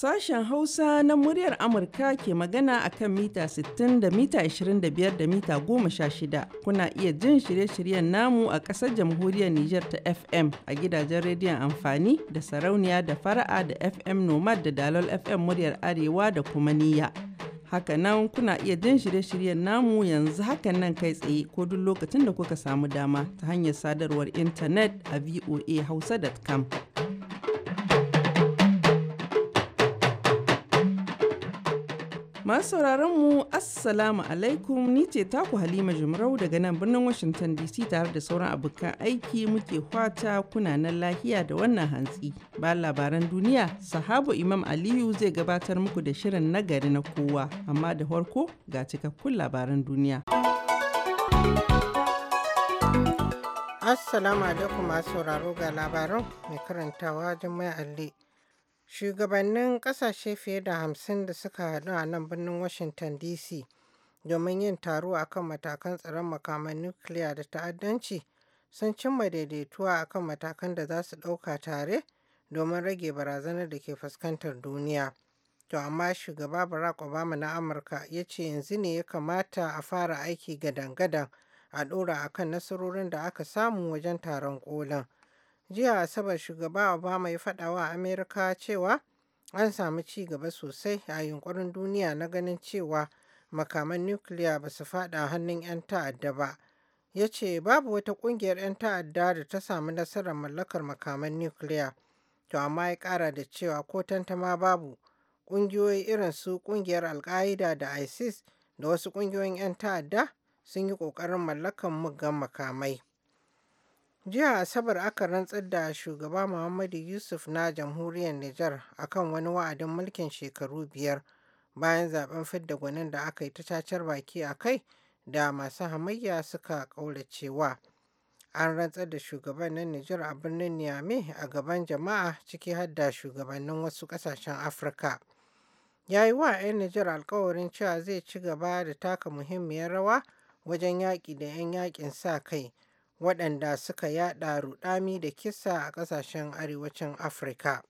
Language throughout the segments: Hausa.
Sashen Hausa na muryar Amurka ke magana a kan mita 60 da mita 25 da mita 16. Kuna iya jin shirye-shiryen namu a ƙasar jamhuriyar Nijar ta FM a gidajen rediyon amfani da sarauniya da fara'a da FM Nomad da Dalol FM muryar Arewa da kuma niyya. Hakanan kuna iya jin shirye-shiryen namu yanzu hakan nan kai tsaye ko duk lokacin da kuka samu dama ta hanyar sadarwar intanet a voahausa.com. Masu sauraron mu Assalamu alaikum ni ce taku Halima Jumrau daga nan birnin Washington DC tare da sauran abokan aiki muke kwata kuna nan lahiya da wannan hantsi. Ba labaran duniya, sahabu Imam Aliyu zai gabatar muku da shirin nagari na kowa, amma da farko ga cikakkun labaran duniya. Assalamu alaikum masu sauraro ga labaran mai karantawa Jummai Alli. Shugabannin ƙasashe fiye da hamsin da suka haɗu a nan birnin Washington DC domin yin taro a kan matakan tsaron makaman nukiliya da ta'addanci sun cimma daidaituwa a kan matakan da za su ɗauka tare domin rage barazanar da ke fuskantar duniya. To amma shugaba Barack Obama na Amurka ya ce yanzu ne ya kamata a fara aiki gadan-gadan a ɗora a kan nasarorin da aka samu wajen taron ƙolin. Jiya Asabar Shugaba Obama ya faɗa wa amerika cewa an samu ci gaba sosai a yunkurin duniya na ganin cewa makaman nukiliya ba su faɗa hannun 'yan ta'adda ba. Ya ce babu wata ƙungiyar 'yan ta'adda da ta samu nasarar mallakar makaman nukiliya. To amma ya ƙara da cewa ko tantama babu ƙungiyoyi irin su ƙungiyar al qaida da ISIS da wasu ƙungiyoyin 'yan ta'adda sun yi ƙoƙarin mallakar muggan makamai. Jiya Asabar aka rantsar da shugaba Muhammadu Yusuf na jamhuriyar Nijar akan wani wa'adin mulkin shekaru biyar bayan zaben fidda gwanin da aka yi ta cacar baki a kai da masu hamayya suka ƙauracewa. An rantsar da Shugabannin na Nijar a birnin Niamey a gaban jama'a ciki har da shugabannin wasu kasashen Afirka. Ya yi wa 'yan Nijar alkawarin cewa zai ci gaba da taka muhimmiyar rawa wajen yaƙi da 'yan yaƙin sa kai. waɗanda suka yaɗa rudami da kisa a ƙasashen arewacin afirka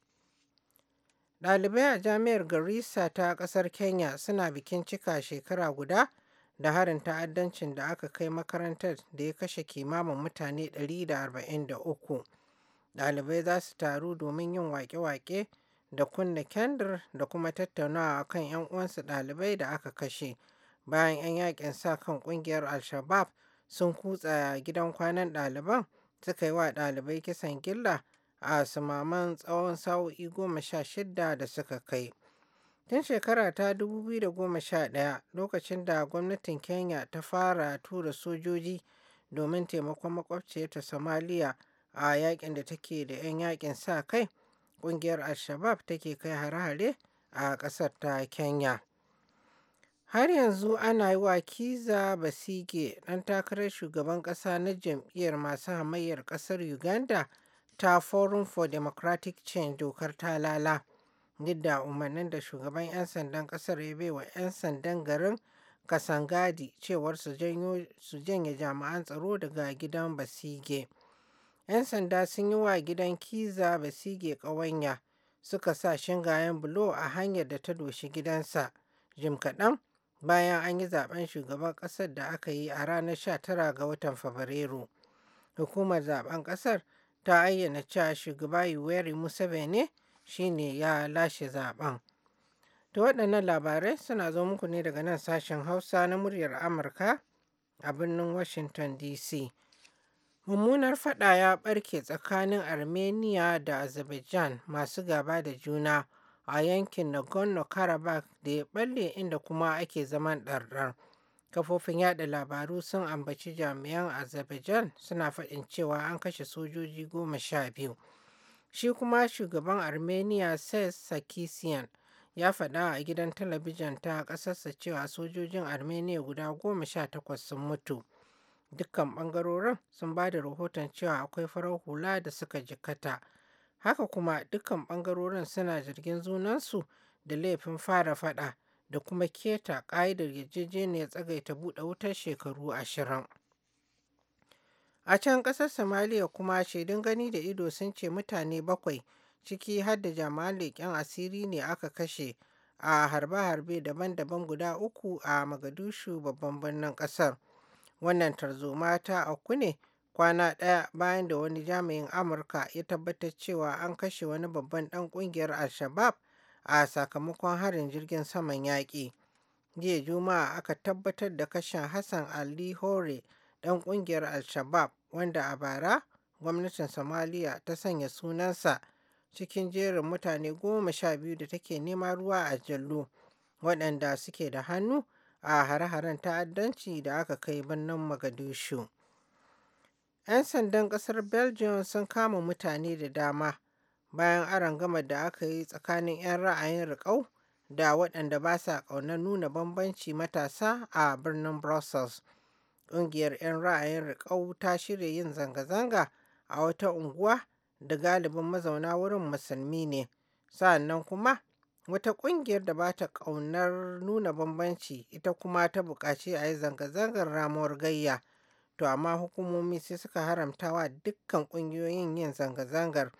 ɗalibai a jami'ar garissa ta ƙasar kenya suna bikin cika shekara guda da harin ta'addancin da aka kai makarantar da ya kashe kimamin mutane 143 ɗalibai za su taru domin yin waƙe-waƙe da kunna kendir da kuma tattaunawa kan 'yan uwansu ɗalibai da aka kashe bayan 'yan yakin sa kan ƙungiyar al-shabab sun kutsa gidan kwanan ɗaliban suka yi wa ɗalibai kisan gilla a sumaman tsawon sa'o'i goma sha shidda da suka kai. Tun shekara ta 2011 lokacin da gwamnatin Kenya ta fara tura sojoji domin taimakon makwabciyarta somaliya a yakin da take da 'yan yakin sa kai, ƙungiyar al take kai hare-hare a ƙasar ta Kenya. Har yanzu ana yi wa Kizza Basige ɗan takarar shugaban ƙasa na jam'iyyar masu hamayyar ƙasar Uganda ta Forum for Democratic Change dokar talala, lala da umarnin da shugaban 'yan sandan ƙasar ya bai wa 'yan sandan garin Kasangadi cewar su janye jami'an tsaro daga gidan basige. 'Yan sanda sun yi wa gidan kiza Basige ƙawanya suka sa shingayen bulo a hanyar da ta doshi gidansa. Jim kaɗan bayan an yi zaben shugaban ƙasar da aka yi a ranar 19 ga watan Fabrairu. Hukumar zaben ƙasar ta ayyana cewa shugaba Yoweri Museveni shine ya lashe zaben. To waɗannan labarai suna zo muku ne daga nan sashen Hausa na muryar Amurka a birnin Washington DC. Mummunar fada ya ɓarke tsakanin Armenia da Azerbaijan masu gaba da juna. a yankin Nagorno-Karabakh da ya balle inda kuma ake zaman ɗarɗar. Kafofin yada labaru sun ambaci jami'an Azerbaijan suna faɗin cewa an kashe sojoji goma sha biyu. Shi kuma shugaban Armenia Ses sakisian ya faɗa a gidan talabijin ta ƙasarsa cewa sojojin Armenia guda goma sha takwas sun mutu. Dukkan ɓangarorin sun ba da rahoton cewa akwai farar hula da suka jikkata. Haka kuma dukkan ɓangarorin suna jirgin zunansu da laifin fara faɗa da kuma keta ƙa'idar yarjejeniyar tsagaita buɗe wutar shekaru ashirin. A can ƙasar Somalia kuma shaidun gani da ido sun ce mutane bakwai ciki har da 'yan leƙen asiri ne aka kashe a harbe-harbe daban-daban guda uku a Magadushu babban birnin ƙasar. Wannan tarzoma ta aku ne kwana ɗaya bayan da wani jami'in amurka ya tabbatar cewa an kashe wani babban ɗan ƙungiyar al-shabab a sakamakon harin jirgin saman yaƙi jiya juma'a aka tabbatar da kashen hassan ali hore ɗan ƙungiyar al-shabab wanda a bara gwamnatin somaliya ta sanya sunansa cikin jerin mutane goma sha biyu da take nema ruwa a Jallu, waɗanda suke da hannu a hare-haren ta'addanci da aka kai birnin Magadishu. ‘Yan sandan ƙasar Belgium sun kama mutane da dama bayan aron-gama da aka yi tsakanin ‘yan ra'ayin riƙau da waɗanda ba sa ƙaunar nuna bambanci matasa a birnin Brussels. Ƙungiyar ‘yan ra'ayin riƙau ta shirya yin zanga-zanga a wata unguwa da galibin mazauna wurin musulmi ne. sannan kuma wata ƙungiyar da ba ta ƙaunar nuna bambanci ita kuma ta buƙaci a yi zanga-zangar ramuwar gayya. to amma hukumomi sai suka haramta wa dukkan ƙungiyoyin yin zanga-zangar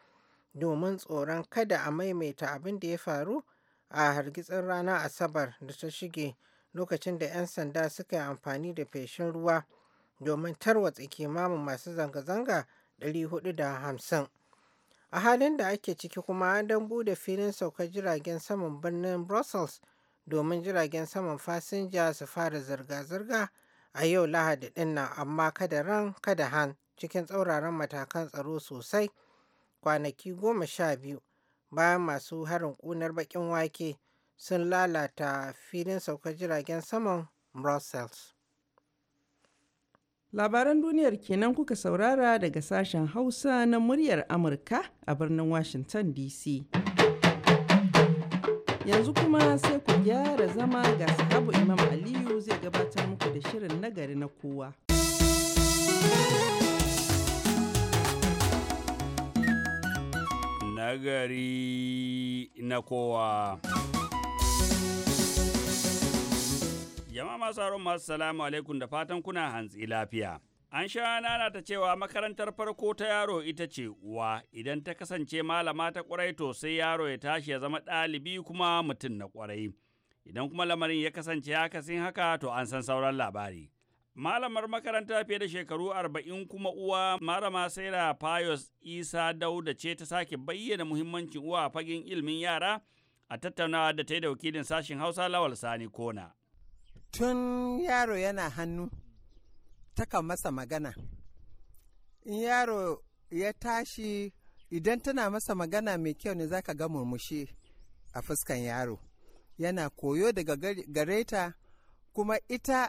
domin tsoron kada a maimaita abin da ya faru a hargitsin rana asabar da ta shige lokacin da 'yan sanda suka yi amfani da feshin ruwa domin tarwatsa kimamin masu zanga-zanga 450 a halin da ake ciki kuma an dan bude filin saukar jiragen saman birnin brussels domin jiragen saman fasinja su fara zirga-zirga a yau Lahadi dinnan amma kada ran kada han cikin tsauraran matakan tsaro sosai kwanaki goma sha biyu bayan masu harin kunar bakin wake sun lalata filin saukar jiragen saman Brussels. Labaran duniyar kenan kuka saurara daga sashen Hausa na muryar Amurka a birnin Washington DC. Yanzu kuma sai ku gyara zama ga sahabu Imam Aliyu zai gabatar muku da shirin nagari na kowa. Nagari na kowa. Jama'a masu masu salamu alaikum da fatan kuna hantsi lafiya. An sha nana ta cewa makarantar farko ta yaro ita ce uwa, idan ta kasance malama ta ƙwarai to sai yaro ya tashi ya zama ɗalibi kuma mutum na ƙwarai. Idan kuma lamarin ya kasance haka sin haka to an san sauran labari. Malamar makaranta fiye da shekaru arba'in kuma uwa Malama Saira Payos Isa Dauda ce ta sake bayyana muhimmancin uwa a fagen ilimin yara a tattaunawa da ta yi da wakilin sashen Hausa Lawal Sani Kona. Tun yaro yana hannu. takan masa magana in yaro ya tashi idan tana masa magana mai kyau ne zaka ga murmushi a fuskan yaro yana koyo daga gare ta kuma ita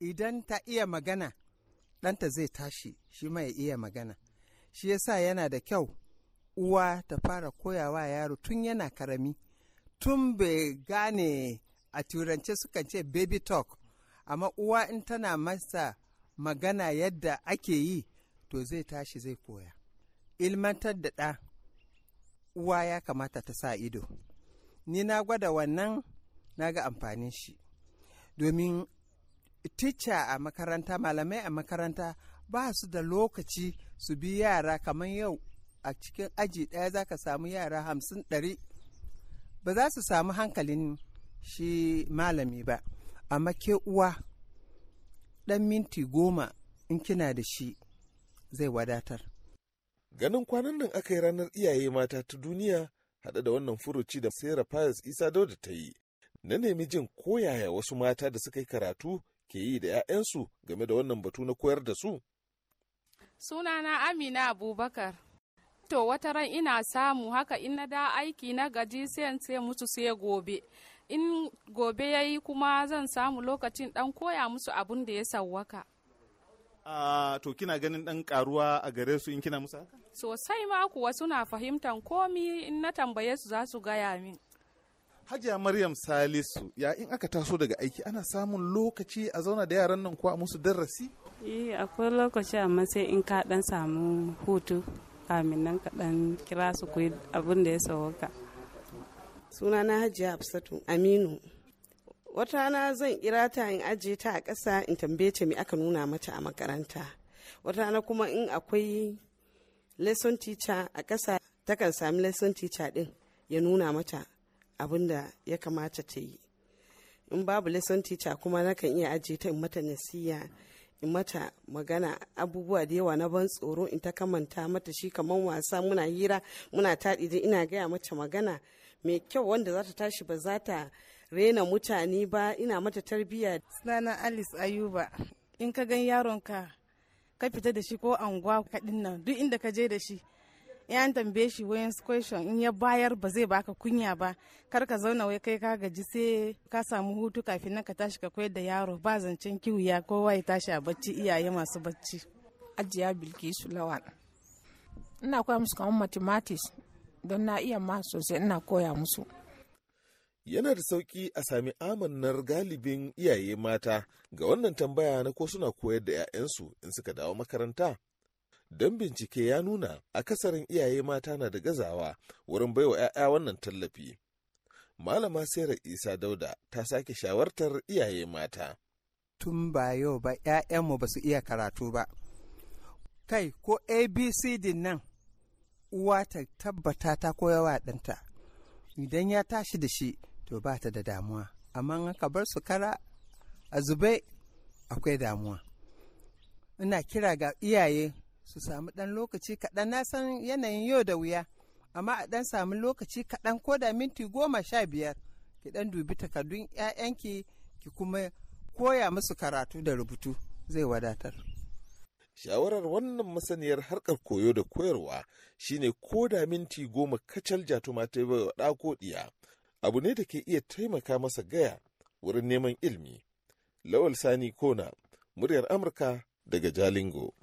idan ta iya magana ɗanta zai tashi shi ma ya iya magana shi yasa yana da kyau uwa ta fara koyawa yaro tun yana karami tun bai gane a turance sukan ce baby talk amma uwa in tana masa magana yadda ake yi to zai tashi zai koya ilmantar da ɗa uwa ya kamata ta sa ido ni na gwada wannan na ga amfanin shi domin tica a makaranta malamai a makaranta ba su da lokaci su bi yara kamar yau a cikin aji ɗaya za ka samu yara hamsin ɗari ba za su samu hankalin shi malami ba amma ke uwa ɗan minti goma in kina da shi zai wadatar. Ganin kwanan nan aka yi ranar iyaye mata ta duniya haɗe da wannan furuci da Sarah Pius Isa Dauda ta yi. Na nemi jin koyaya wasu mata da suka yi karatu ke yi da 'ya'yansu game da wannan batu na koyar da su. Sunana Amina Abubakar. To wata ran ina samu haka in na da aiki na gaji sai sai mutu sai gobe. in gobe ya yi kuma zan samu lokacin dan koya musu abun da ya sauwaka. to kina ganin dan karuwa a gare su in kina musu haka? Sosai ma kuwa suna fahimtar komi in na tambaye su za su gaya min. Hajiya Maryam Salisu, ya in aka taso daga aiki ana samun lokaci a zauna da yaran nan kuwa musu darasi? Eh, akwai lokaci amma sai in ka dan samu hutu kamin nan ka dan kira su ku abin da ya sauka. suna na hajiya hafsatu aminu wata rana zan kira ta in ajiye ta a ƙasa in tambaye ta me aka nuna mata a makaranta wata rana kuma in akwai lesson teacher a ƙasa takan sami lesson teacher din ya nuna mata abin da ya kamata ta yi in babu lesson teacher kuma nakan iya ajiye ta in mata nasiya in mata magana abubuwa da yawa na ban tsoro in ta kamanta mata shi kamar wasa muna hira muna taɗi ina gaya mata magana mai kyau wanda za ta tashi ba za ta rena mutane ba ina mata tarbiyya. Sunana Alice Ayuba in ka gan yaronka ka fita da shi ko anguwa kaɗin nan duk inda ka je da shi ya tambaye shi wayan question in ya bayar ba zai baka kunya ba kar ka zauna wai kai ka gaji sai ka samu hutu kafin nan ka tashi ka koyar da yaro ba zancen kiwiya kowa ya tashi a bacci iyaye masu bacci ajiya bilkisu lawan ina koya musu kamar mathematics don na iya ma sosai ina koya musu yana da sauki a sami amannar galibin iyaye mata ga wannan tambaya na ko suna koyar da 'ya'yansu in suka dawo makaranta don bincike ya nuna akasarin iyaye mata na da gazawa wurin baiwa 'ya'ya wannan tallafi malama sera isa dauda ta sake shawartar iyaye mata tun ba yau ba 'ya'yanmu ba su iya karatu ba kai ko abcd nan uwa ta tabbata ta koya ɗanta idan ya tashi da shi to ba ta da damuwa amma aka bar su kara a zube akwai damuwa ina kira ga iyaye su samu ɗan lokaci kaɗan na san yanayin yau da wuya amma a ɗan samu lokaci kaɗan ko da minti goma sha biyar ki ɗan dubi takardun 'ya'yanki ki kuma koya musu karatu da rubutu zai wadatar. shawarar wannan masaniyar harkar koyo da koyarwa shine ko da minti goma kacal mata ta bai wa ɗako ɗiya abu ne da ke iya taimaka masa gaya wurin neman ilmi lawal sani kona muryar amurka daga jalingo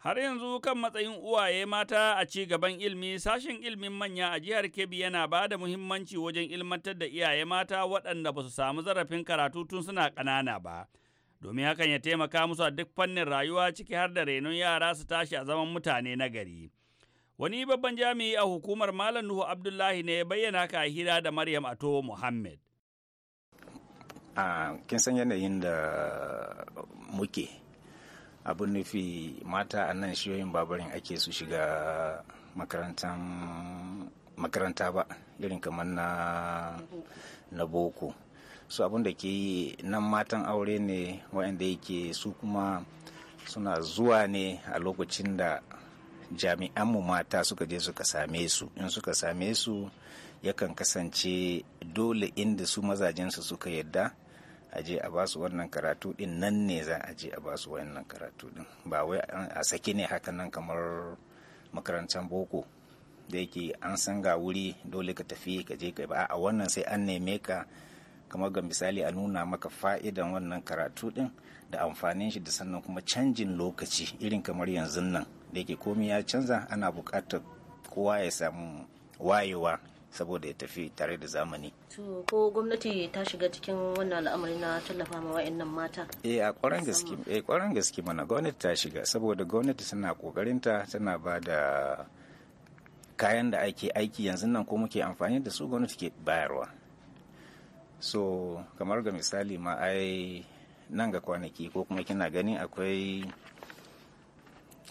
Har yanzu kan matsayin uwaye mata a ci gaban ilmi, sashen ilmin manya a jihar Kebbi yana ba da muhimmanci wajen ilmantar da iyaye mata waɗanda ba su samu zarafin karatu tun suna ƙanana ba. domin hakan ya taimaka musu a duk fannin rayuwa ciki har da renon yara su tashi a zaman mutane na gari. Wani babban jami'i a hukumar Malam Nuhu Abdullahi ne ya bayyana ka hira da Maryam Ato Muhammad. kin san yanayin da muke abu nufi mata a nan shiyoyin babarin ake su shiga makaranta ba irin kamar na boko su abin da ke yi nan matan aure ne waɗanda yake su kuma suna zuwa ne a lokacin da jami'an mu mata suka je suka same su in suka same su yakan kasance dole inda su mazajensu suka yadda a je a basu wannan karatu din nan ne za a je a basu wannan karatu din ba wai a sake ne haka nan kamar makarantar boko da yake an san ga wuri dole ka tafi ka je ka ba a wannan sai an neme ka kamar ga misali a nuna maka fa'idan wannan karatu din da amfanin shi da sannan kuma canjin lokaci irin kamar yanzu nan da yake komi ya canza ana buƙatar kowa ya samu wayewa saboda ya tafi tare da zamani. To ko gwamnati ta shiga cikin wannan al'amari na tallafa ma wa'annan mata? Eh a kwaran gaske eh gaske mana gwamnati ta shiga saboda gwamnati tana kokarinta tana ba da kayan da ake aiki yanzu nan ko muke amfani da su gwamnati ke bayarwa. so kamar ga misali ma ai nan ga kwanaki ko kuma kina gani akwai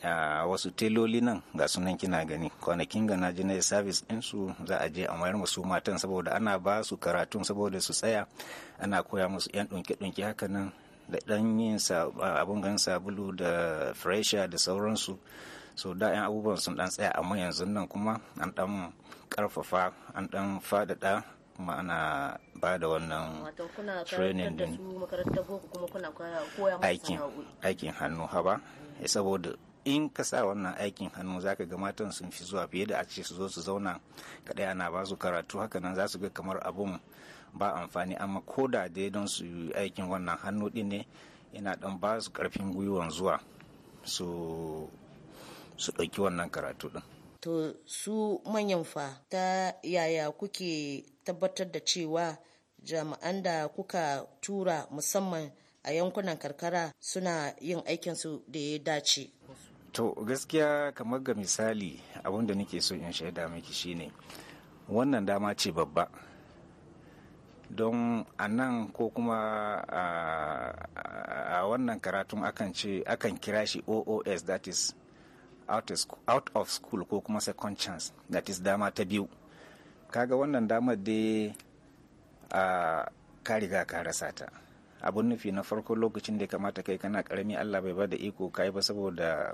ah, wasu teloli nan ga sunan kina gani kwanakin ga naji na service ɗinsu za a je a mayar musu matan saboda ana ba su karatun saboda su tsaya ana koya musu 'yan ɗunke-ɗunke haka nan da ɗan yin abun gan sabulu da fresha da sauransu so da 'yan abubuwan sun ɗan tsaya amma yanzu nan kuma an ɗan karfafa an ɗan faɗaɗa kuma ana ba da wannan training din aikin hannu haba eh, saboda in ka sa wannan aikin hannu za ka ga matan sun fi zuwa fiye da a ce su zo su zauna kadai ana ba su karatu haka nan za su ga kamar abun ba amfani amma ko da dai don su yi aikin wannan hannu din ne yana dan ba su karfin gwiwan zuwa su ɗauki wannan karatu din to su manyan fa ta yaya kuke tabbatar da cewa jami'an da kuka tura musamman a yankunan karkara suna yin aikinsu da ya dace. To gaskiya kamar ga misali abin da nake so in shaida miki shine wannan dama ce babba don a nan ko kuma a wannan karatun akan ce akan kira shi oos that is out of school ko kuma second chance that is dama ta biyu kaga wannan damar dai a ka riga ka rasa ta abun nufi na farko lokacin da ya kamata kai kana karami allah bai ba bada iko kai ba saboda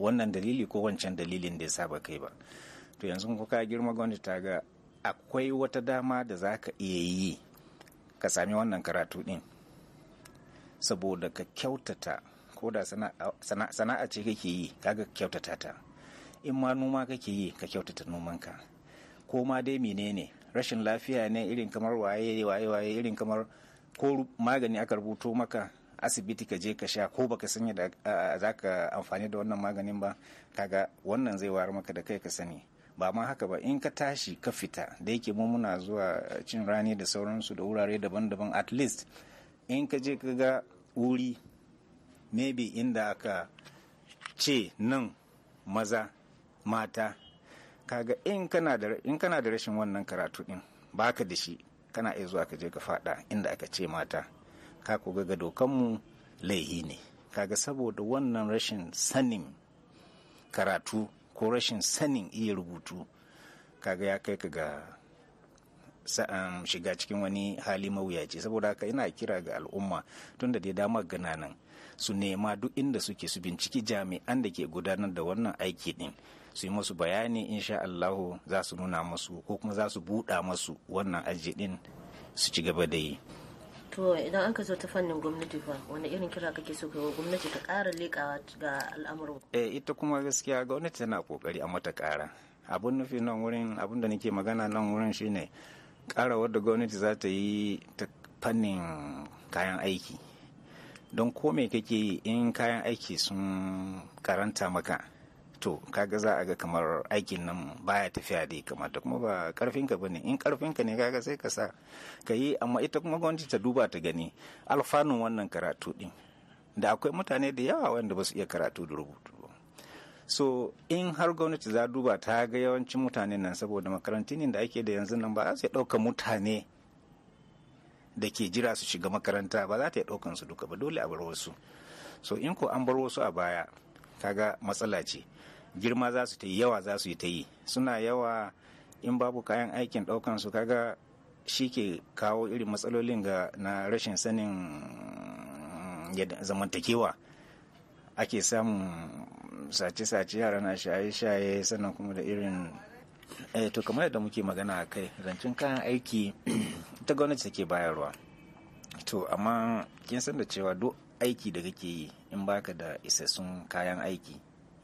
wannan dalili ko wancan dalilin da ya saba kai ba to yanzu ko ka girma gwamnati ta ga akwai wata dama da za ka iya yi ka sami wannan karatu din saboda ka kyautata ko da sana'a ce kake yi kaga kyautata ta in ma noma kake yi ka kyautata nomanka ko ma dai menene rashin lafiya ne irin kamar waye waye waye irin kamar ko magani aka rubuto maka asibiti ka je ka sha ko baka san yadda za ka amfani da wannan maganin ba kaga wannan zai wayar maka da kai ka sani ba ma haka ba in ka tashi ka fita da yake mu muna zuwa cin rani da sauransu da wurare daban-daban at least in ka je ka ga wuri maybe inda aka ce nan maza mata kaga in kana da in kana da rashin wannan karatu din baka da shi kana iya zuwa ka je ka fada inda aka ce mata ka ku ga mu laihi ne kaga saboda wannan rashin sanin karatu ko rashin sanin iya rubutu kaga ya kai ka ga sa'an um, shiga cikin wani hali mawuyaci saboda haka ina kira ga al'umma tunda da dai damar gana nan su nema duk inda suke su binciki jami'an da ke gudanar da wannan aiki din su yi musu bayani insha Allahu za su nuna musu ko kuma za su buɗa musu wannan aji din su ci gaba da yi to idan an ka zo ta fannin gwamnati fa wani irin kira kake so kai gwamnati ta ƙara leƙawa ga al'amuran eh ita kuma gaskiya gwamnati tana kokari a mata ƙara abun nufi nan wurin abun da nake magana nan wurin shine ƙara wadda gwamnati za ta yi ta fannin kayan aiki don ko me kake yi in kayan aiki sun karanta maka to kaga za a ga kamar aikin nan baya tafiya da kamar kamata kuma ba karfinka ba ne in karfin ka ne kaga sai ka sa ka yi amma ita kuma gwamnati ta duba ta gani alfanun wannan karatu din da akwai mutane da yawa wanda ba su iya karatu da rubutu so in har gwamnati za duba ta ga yawancin mutane nan saboda makarantun da ake da yanzu nan ba za su ɗauka mutane da ke jira su shiga makaranta ba za ta ɗaukan su duka ba dole a bar wasu so in ko an bar wasu a baya kaga matsala ce girma za su ta yi yawa za su yi ta yi suna yawa in babu kayan aikin ɗaukan su kaga shi ke kawo irin matsalolin ga na rashin sanin zamantakewa ake samun sace-sace yara na shaye-shaye sannan kuma da irin eh, to kamar yadda muke magana a kai rancin kayan aiki ta gwamnati take bayarwa to amma kin san da cewa duk aiki da kake yi in baka da isassun kayan aiki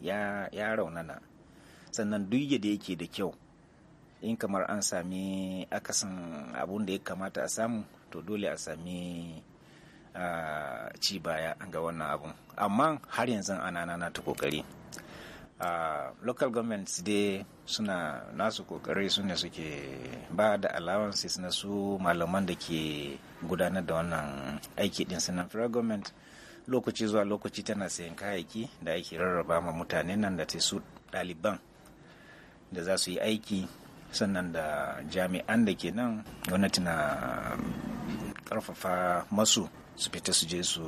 ya raunana sannan duk yadda yake da kyau in kamar an sami akasin abun da ya kamata a samu to dole a sami ci baya ga wannan abun amma har yanzu ana nana ta kokari local governments dai suna nasu kokari su ne suke ba da allowances na su malaman da ke gudanar da wannan aiki din sanan federal government lokaci zuwa lokaci tana sayan kayayyaki da ake rarraba ma mutane nan da ta su ɗaliban da za su yi aiki sannan da jami'an da ke nan gwamnati na um, ƙarfafa masu su fita su je su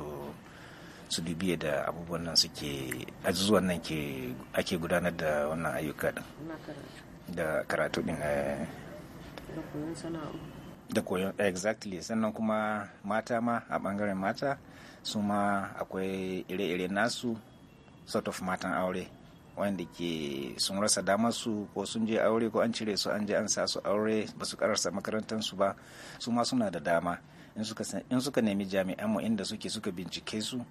su dubiye da abubuwan nan suke ajizuwan nan ke ake gudanar da wannan ayyuka da karatu din eh. da koyon exactly sannan kuma mata ma a bangaren mata su ma akwai ire-ire nasu sort of matan aure wanda ke sun rasa damar su ko sun je aure ko an cire su an je an sa su aure ba su kararsa makarantar su ba su ma suna da dama in suka nemi jami'an mu inda suke suka bincike su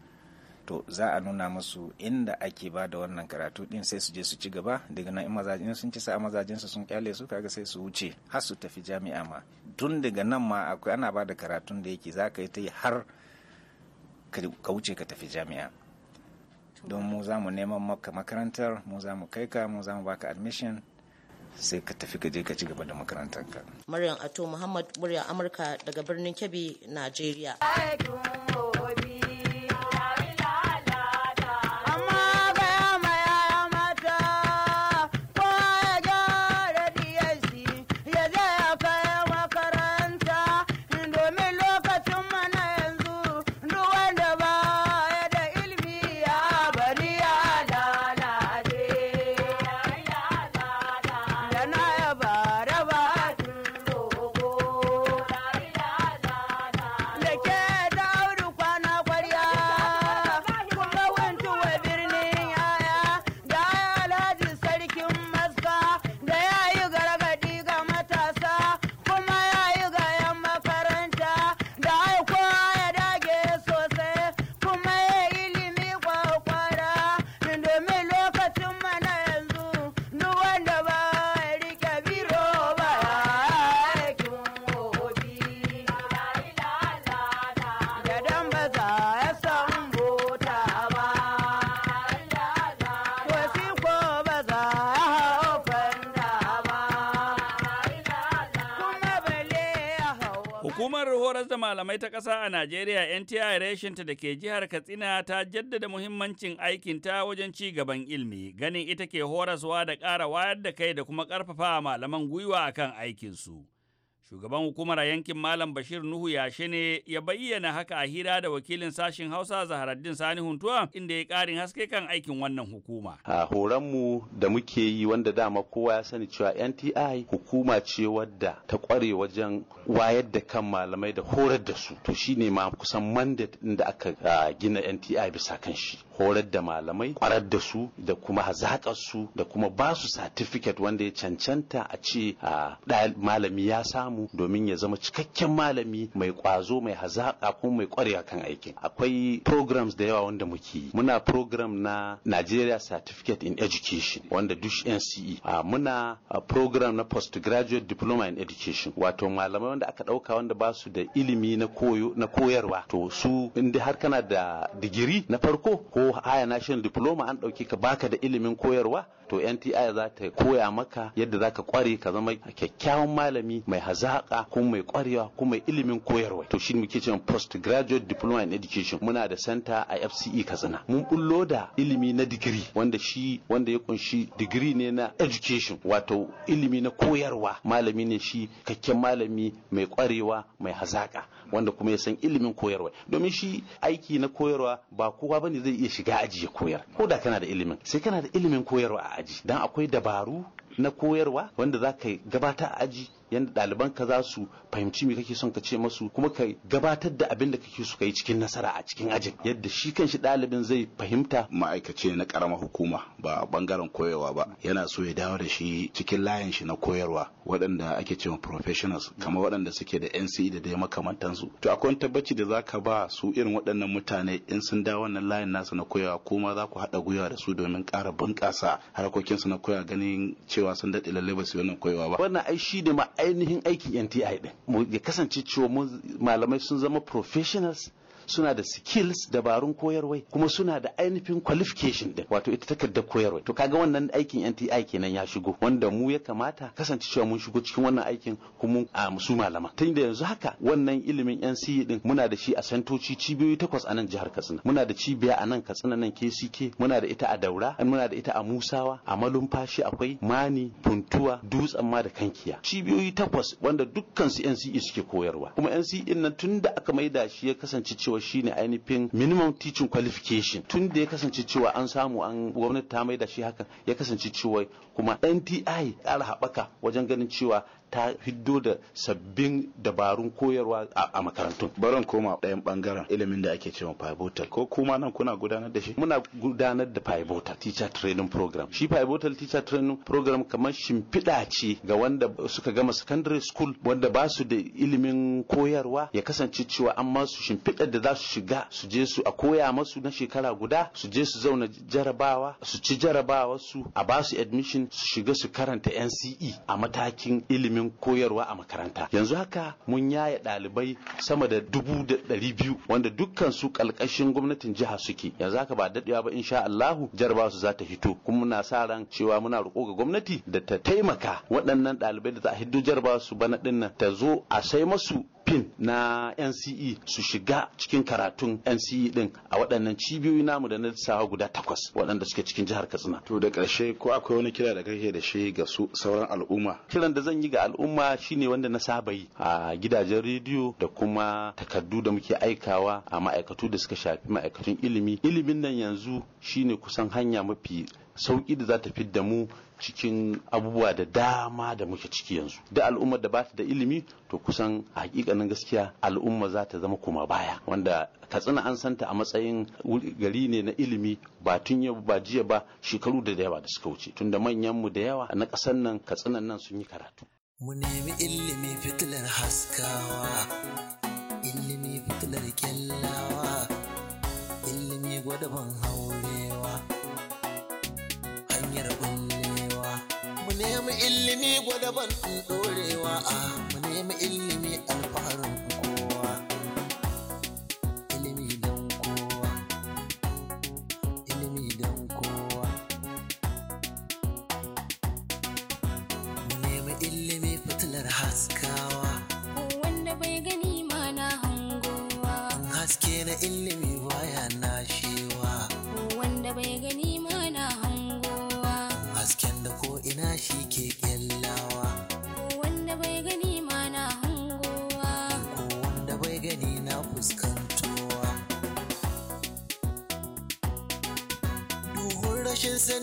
to za a nuna musu inda ake ba da wannan karatu din sai su je su ci gaba daga nan in sun ci sa'a mazajen sun kyale su kaga sai su wuce har su tafi jami'a ma tun daga nan ma akwai ana ba da karatun da yake za ka yi ta yi har ka wuce ka tafi jami'a don mu za mu neman maka makarantar mu za mu kai ka mu za mu baka admission sai ka tafi ka je ka ci gaba da makarantar ka. Maryam Ato Muhammad muryar Amurka daga birnin Kebbi, Najeriya. Hukumar horas da malamai ta ƙasa a Najeriya NTI reshinta da ke jihar Katsina ta jaddada muhimmancin aikin ta wajen ci gaban ilimi, ganin ita ke horaswa da ƙara wayar da kai da kuma ƙarfafa malaman gwiwa akan aikinsu. aikin su. Shugaban hukumar a yankin Malam Bashir Nuhu yashe ne ya bayyana haka a hira da wakilin sashen Hausa Zaharaddin Sani Huntuwa inda ya karin haske kan aikin wannan hukuma. A mu da muke yi wanda dama kowa ya sani cewa NTI hukuma ce wadda ta kware wajen wayar da kan malamai da horar da su. To shine ma kusan mandate da aka gina NTI bisa kan shi. horar da malamai kwarar da su da kuma hazaƙar su da kuma ba su certificate wanda ya cancanta a ce a malami ya samu domin ya zama cikakken malami mai ƙwazo mai hazaƙa kuma mai kwarewa kan aikin akwai programs da yawa wanda muke yi muna program na Nigeria Certificate in Education wanda dush NCE muna a program na postgraduate diploma in education wato malamai wanda aka ɗauka wanda ba su da ilimi na koyo na koyarwa to su inda har kana da digiri na farko ko ko haya national diploma an ɗauki ka baka da ilimin koyarwa to NTI za ta koya maka yadda za ka kware ka zama kyakkyawan malami mai hazaƙa kuma mai kwarewa kuma mai ilimin koyarwa to shi muke cewa postgraduate diploma in education muna da center a FCE Katsina mun bullo da ilimi na digiri wanda shi wanda ya kunshi digiri ne na education wato ilimi na koyarwa malami ne shi kakken malami mai kwarewa mai hazaƙa wanda kuma ya san ilimin koyarwa domin shi aiki na koyarwa ba kowa bane zai iya shiga aji ya koyar ko da kana da ilimin sai kana da ilimin koyarwa a aji dan akwai dabaru na koyarwa wanda za ka gabata a aji Yadda ɗaliban ka za su fahimci me kake son ka ce masu kuma ka gabatar da abin da kake so ka yi cikin nasara a cikin ajin yadda shi kan kanshi ɗalibin zai fahimta ma'aikaci na karamar hukuma ba bangaren koyarwa ba yana so ya dawo da shi cikin layin shi na koyarwa waɗanda ake cewa professionals kamar waɗanda suke da NCE da dai makamantansu to akwai tabbaci da zaka ba su irin waɗannan mutane in sun dawo wannan layin nasu na koyarwa kuma za ku haɗa gwiwa da su domin ƙara bunƙasa harkokinsu na koyawa ganin cewa sun daɗe lallai ba su wannan koyarwa ba wannan ai shi da ainihin aikin NTI ɗin, mu ya kasance cewa malamai sun zama professionals suna da skills dabarun koyarwai kuma suna da ainihin qualification din wato ita takardar koyarwai to kaga wannan aikin NTI kenan ya shigo wanda mu ya kamata kasance cewa mun shigo cikin wannan aikin kuma a ah, su malama tun da yanzu haka wannan ilimin NCE din muna da shi a santoci cibiyoyi takwas a nan jihar Katsina muna da cibiya a nan Katsina nan KCK muna da ita a Daura muna da ita a Musawa a Malumfashi akwai Mani Funtuwa, Dutsen ma da Kankiya cibiyoyi takwas wanda dukkan su NCE suke koyarwa kuma NCE nan tun da aka maida shi ya kasance cewa koyarwa shine ainihin minimum teaching qualification tun da ya kasance cewa an samu an gwamnati ta da shi haka ya kasance cewa kuma NTI ƙara haɓaka wajen ganin cewa ta hiddo da sabbin dabarun koyarwa a makarantun baron koma ɗayan bangaren ilimin da ake cewa pivotal ko kuma nan kuna gudanar da shi muna gudanar da pivotal teacher training program shi pivotal teacher training program kamar shimfiɗa ce ga wanda suka gama secondary school wanda ba su da ilimin koyarwa ya kasance cewa an masu shimfiɗa da za su shiga su je su a koya masu na shekara guda su je su zauna jarabawa su ci jarabawa su a ba su admission su shiga su karanta NCE a matakin ilimin ilimin koyarwa a makaranta yanzu haka mun yaya dalibai sama da dubu da ɗari biyu wanda dukkan su ƙalƙashin gwamnatin jiha suke yanzu haka ba daɗewa ba insha Allahu jarabawa su za ta hito kuma muna sa ran cewa muna roƙo ga gwamnati da ta taimaka waɗannan ɗalibai da za a hiddo jarabawa su bana ɗinnan ta zo a sai masu pin na nce su shiga cikin karatun nce din a waɗannan cibiyoyi namu da na lissawa guda takwas waɗanda suke cikin jihar katsina to da ƙarshe ko akwai wani kira da kake da shi ga su sauran al'umma kiran da zan yi ga al'umma shine wanda na saba yi a gidajen rediyo da kuma takardu da muke aikawa a ma'aikatu da suka shafi ma'aikatun ilimi ilimin nan yanzu shine kusan hanya mafi sauki da za ta fi da mu cikin abubuwa da dama da muke ciki yanzu da al'ummar da ba ta da ilimi to kusan a hakikanin gaskiya al'umma za ta zama kuma baya wanda katsina an santa a matsayin gari ne na ilimi ba tun yau ba jiya ba shekaru da yawa da suka wuce tunda manyan mu da yawa na ƙasar nan katsinan nan sun yi karatu mu nemi ilimi fitilar haskawa ilimi fitilar kyallawa ilimi gwada ban haurewa hanyar bullewa mu nemi ilimi gwadaban ɗorewa a ah, mu nemi ilimi alfaharin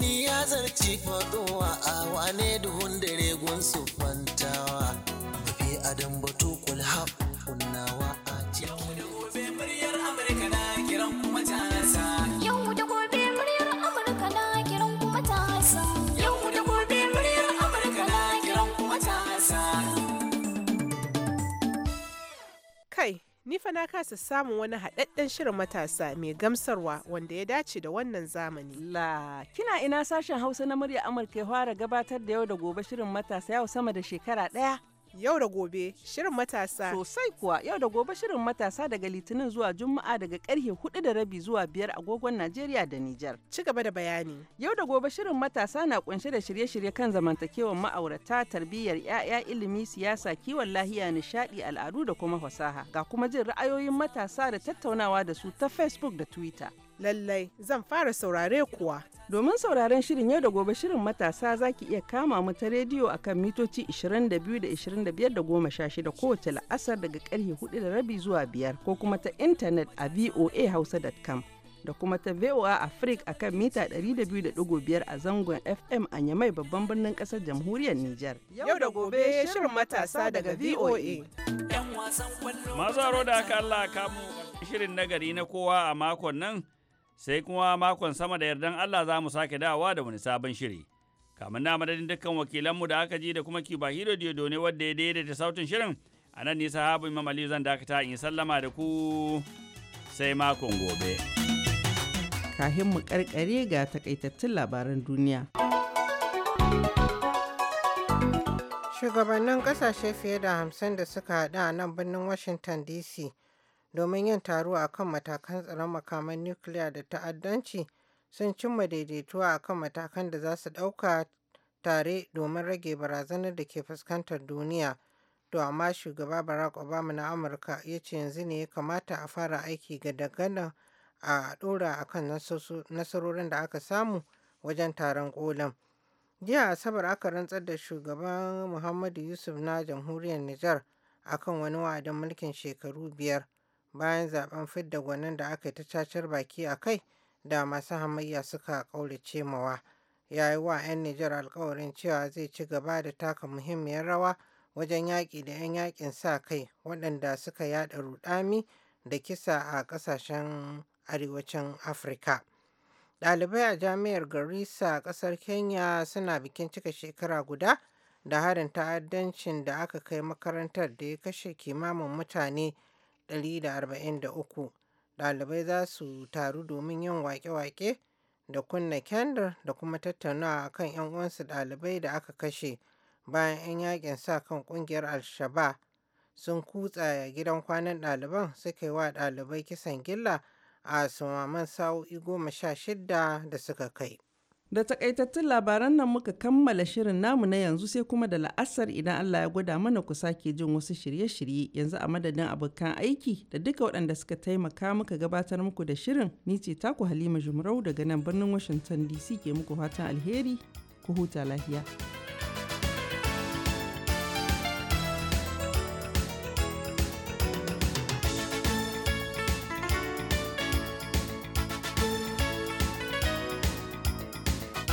ilimi ya zarci faɗowa a wane duhun dare gun su fantawa mafi adam batu kulhab kunnawa a cikin fa na kasa samun wani haɗaɗɗen shirin matasa mai gamsarwa wanda ya dace da wannan zamani. La, kina ina sashen Hausa na murya Amurka ya fara gabatar da yau da gobe shirin matasa yau sama da shekara ɗaya. Yau da gobe shirin matasa. Sosai kuwa yau da gobe shirin matasa daga Litinin zuwa Juma'a daga karhe hudu da rabi zuwa biyar agogon Najeriya da Nijar. Ci gaba da bayani. Yau da gobe shirin matasa na kunshe da shirye-shirye kan zamantakewar ma'aurata, tarbiyyar 'ya'ya, ilimi, siyasa, kiwon lahiya, nishadi, al'adu da kuma fasaha. Ga kuma jin ra'ayoyin matasa da tattaunawa da su ta Facebook da Twitter. lallai zan fara saurare kuwa. Domin sauraren shirin yau da gobe shirin matasa za ki iya kama mu ta rediyo a kan mitoci 22 da 25 da 16 kowace la'asar daga karfe 4 da rabi zuwa biyar ko kuma ta intanet a voahausa.com da kuma ta VOA Africa kan mita 200.5 a zangon FM a Yamai babban birnin kasar jamhuriyar Nijar. Yau da gobe shirin matasa daga VOA. Mazaro da aka Allah kamu shirin nagari na kowa a makon nan sai kuma makon sama da yardan Allah za mu sake dawa da wani sabon shiri. Kamar na madadin dukkan wakilanmu da aka ji da kuma Kiba Hiro ne wadda ya daidaita sautin shirin, a nan nisa habu Imam Aliyu zan dakata in sallama da ku sai makon gobe. Kahin mu karkare ga takaitattun labaran duniya. Shugabannin kasashe fiye da hamsin da suka haɗu a nan birnin Washington DC. domin yin taro a kan matakan tsaron makaman nukiliya da ta'addanci sun cimma daidaituwa a kan matakan da za su ɗauka tare domin rage barazanar da ke fuskantar duniya. To amma shugaba Barack Obama na Amurka ya ce yanzu ne ya kamata a fara aiki ga dangana a ɗora a kan nasarorin da aka samu wajen taron kolin. Jiya Asabar aka rantsar da shugaban Muhammadu Yusuf na jamhuriyar Nijar akan wani wa'adin mulkin shekaru biyar. bayan zaben fidda gwanin da aka yi ta cacar baki a kai da masu hamayya suka ƙaurace mawa ya yi wa 'yan nijar alkawarin cewa zai ci gaba da taka muhimmiyar rawa wajen yaƙi da 'yan yaƙin sa kai waɗanda suka yaɗa rudami da kisa a ƙasashen arewacin afirka ɗalibai a jami'ar garissa ƙasar kenya suna bikin cika shekara guda da harin ta'addancin da aka kai makarantar da ya kashe kimamin mutane 143 ɗalibai za su taru domin yin wake-wake da kunna kyandir da kuma tattaunawa kan 'yan uwansu ɗalibai da aka kashe bayan 'yan yakin sa kan kungiyar alshaba sun kutsa gidan kwanan ɗaliban suka yi wa ɗalibai kisan gilla a sumaman sa'o'i goma sha shidda da suka kai Da takaitattun labaran nan muka kammala shirin namu na yanzu sai kuma da la'asar idan Allah ya gwada mana ku sake jin wasu shirye-shirye yanzu a madadin abokan aiki da duka waɗanda suka taimaka muka gabatar muku da shirin ni ce taku Halima Jumrau daga nan birnin washinton DC ke muku fatan alheri ku huta lafiya.